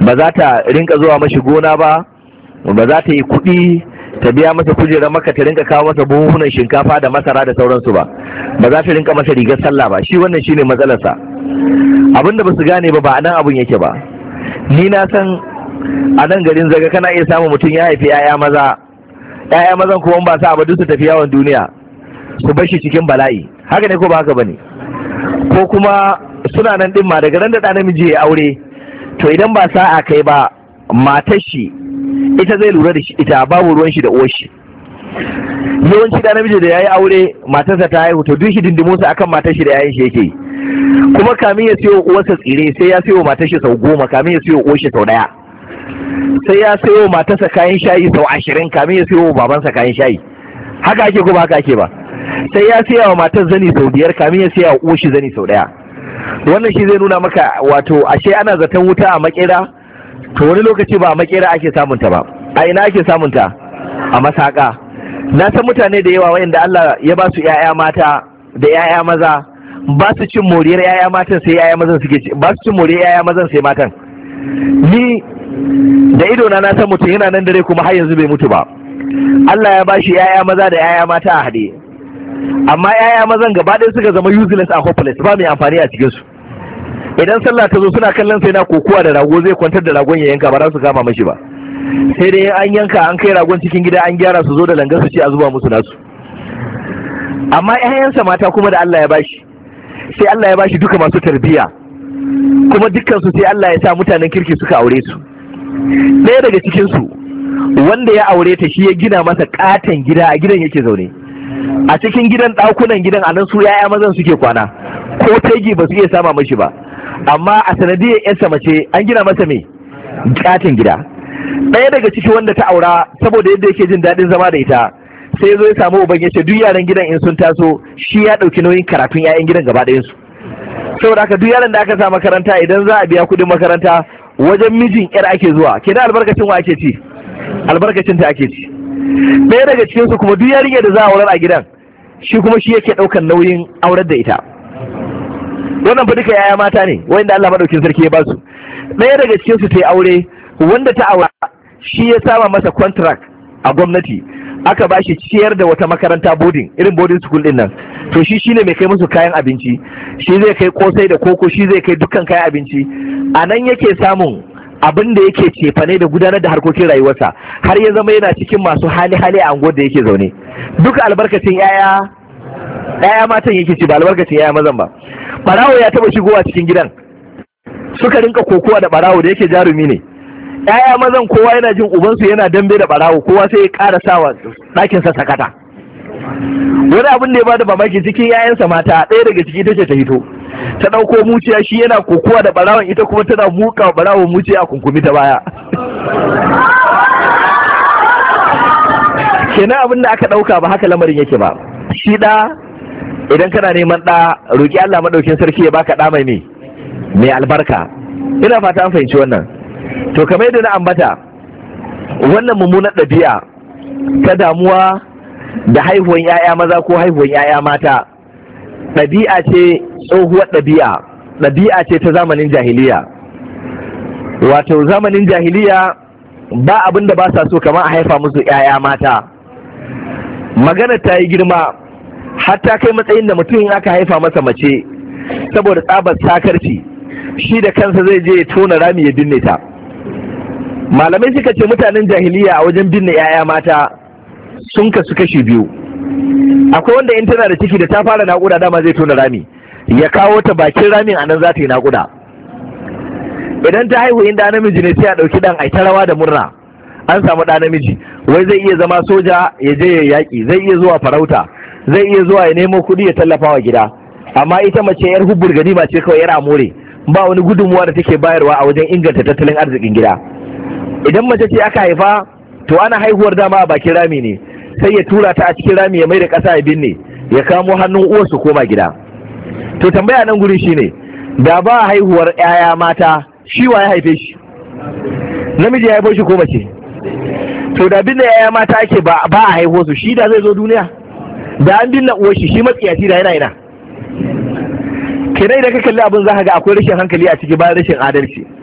ba za ta rinka zuwa mashi gona ba ba za ta yi kuɗi ta biya masa kujerar maka ta rinka kawo masa buhunan shinkafa da masara da sauransu ba ba za ta rinka masa rigar sallah ba shi wannan shine matsalarsa abin da ba su gane ba ba nan abin yake ba ni na san a nan garin zaga kana iya samun mutum ya haifi 'ya'ya maza 'ya'ya mazan kuma ba sa abu su tafi yawon duniya su bar shi cikin bala'i haka ne ko ba haka bane ko kuma suna nan din ma daga nan da ɗa namiji ya aure to idan ba sa'a kai ba matar shi ita zai lura da shi ita babu ruwan shi da uwar shi yawanci da namiji da yayi aure matarsa ta haihu to duk shi sa akan matar shi da yayin shi yake kuma kamin ya siyo uwarsa tsire sai ya siyo matar shi sau goma kamin ya siyo uwar shi sau daya sai ya siyo matarsa kayan shayi sau ashirin kamin ya siyo babansa kayan shayi haka ake ko ba haka ake ba sai ya siya wa matar zani sau biyar kamin ya siya wa uwar shi zani sau daya wannan shi zai nuna maka wato ashe ana zaton wuta a makera to wani lokaci ba a makera ake samunta ba a ina ake samunta a masaka na san mutane da yawa wayanda Allah ya ba su 'ya'ya mata da 'ya'ya maza ba su cin moriyar 'ya'ya matan sai 'ya'ya mazan suke ba su cin moriyar 'ya'ya mazan sai matan ni da ido na na san mutum yana nan dare kuma har yanzu bai mutu ba Allah ya ba shi 'ya'ya maza da 'ya'ya mata a haɗe amma yaya mazan gaba ɗaya suka zama useless a hopeless ba mai amfani a cikin su idan sallah ta zo suna kallon sai na kokowa da rago zai kwantar da ragon ya yanka ba za su kama mashi ba sai dai an yanka an kai ragon cikin gida an gyara su zo da langa su ce a zuba musu nasu amma 'ya'yansa mata kuma da Allah ya bashi sai Allah ya bashi duka masu tarbiyya kuma dukkansu sai Allah ya sa mutanen kirki suka aure su ɗaya daga cikin su wanda ya aure ta shi ya gina masa katon gida a gidan yake zaune a cikin gidan ɗakunan gidan a nan su yaya mazan suke kwana ko taigi ba su iya sama mashi ba amma a sanadiyar yansa mace an gina masa mai katin gida ɗaya daga ciki wanda ta aura saboda yadda yake jin daɗin zama da ita sai zo ya samu uban yace duk yaran gidan in sun taso shi ya ɗauki nauyin karatun 'ya'yan gidan gaba ɗayan su saboda haka duk yaran da aka sa makaranta idan za a biya kuɗin makaranta wajen mijin yar ake zuwa kenan albarkacin wa ake ci albarkacin ta ake ci ɗaya daga cikin su kuma duk yarinyar da za a aurar a gidan shi kuma shi yake ɗaukar nauyin aurar da ita wannan fa duka yaya mata ne wanda Allah madaukin sarki ya ba su ɗaya daga cikin su ta aure wanda ta aura shi ya sama masa contract a gwamnati aka ba shi ciyar da wata makaranta boarding irin boarding school din nan to shi shine mai kai musu kayan abinci shi zai kai kosai da koko shi zai kai dukkan kayan abinci a nan yake samun abin da yake cefane da gudanar da harkokin rayuwarsa har ya zama yana cikin masu hali hali a unguwar da yake zaune duk albarkacin yaya yaya matan yake ci ba albarkacin yaya mazan ba barawo ya taba shigowa cikin gidan suka rinka kokowa da barawo da yake jarumi ne yaya mazan kowa yana jin ubansu yana dambe da barawo kowa sai ya ƙara sawa ɗakinsa sakata wani abin da ya bada mamaki cikin yayansa mata ɗaya daga ciki take ta hito ta ɗauko muciya shi yana kokowa da barawon ita kuma tana muka barawon muciya a kunkumi ta baya kenan abin da aka ɗauka ba haka lamarin yake ba shi ɗa idan kana neman ɗa roƙi Allah maɗaukin sarki ya baka ɗa mai me mai albarka ina fata an fahimci wannan to kamar yadda na ambata wannan mummunar ɗabi'a ta damuwa da haihuwan 'ya'ya maza ko haihuwan 'ya'ya mata ɗabi'a ce tsohuwar ɗabi'a ɗabi'a ce ta zamanin jahiliya wato zamanin jahiliya ba abin da ba sa so kamar a haifa musu 'ya'ya mata magana ta yi girma hatta kai matsayin da mutum aka haifa masa mace saboda tsabar sakarci shi da kansa zai je ya tona rami ya binne ta malamai suka ce mutanen jahiliya a wajen binne 'ya'ya mata sun kasu kashi biyu akwai wanda in tana da ciki da ta fara naƙuda dama zai tona rami ya kawo ta bakin ramin a nan za ta yi naƙuda idan ta haihu inda namiji ne sai a ɗauki ɗan ai ta rawa da murna an samu ɗa namiji wai zai iya zama soja ya je ya yaƙi zai iya zuwa farauta zai iya zuwa ya nemo kuɗi ya tallafa wa gida amma ita mace yar hubbur ba ce kawai yar amore ba wani gudunmuwa da take bayarwa a wajen inganta tattalin arzikin gida idan mace ce aka haifa to ana haihuwar dama a bakin rami ne sai ya tura ta a cikin rami ya mai da ƙasa ya binne ya kamo hannun uwar su koma gida to tambaya nan guri shine da ba haihuwar 'ya'ya mata shi wa ya haife shi namiji ya haife shi ko mace to da binne 'ya'ya mata ake ba a haihuwar su shi da zai zo duniya da an binne uwar shi shi matsiyaci da yana yana Kenai idan ka kalli abin za ka ga akwai rashin hankali a ciki bayan rashin adalci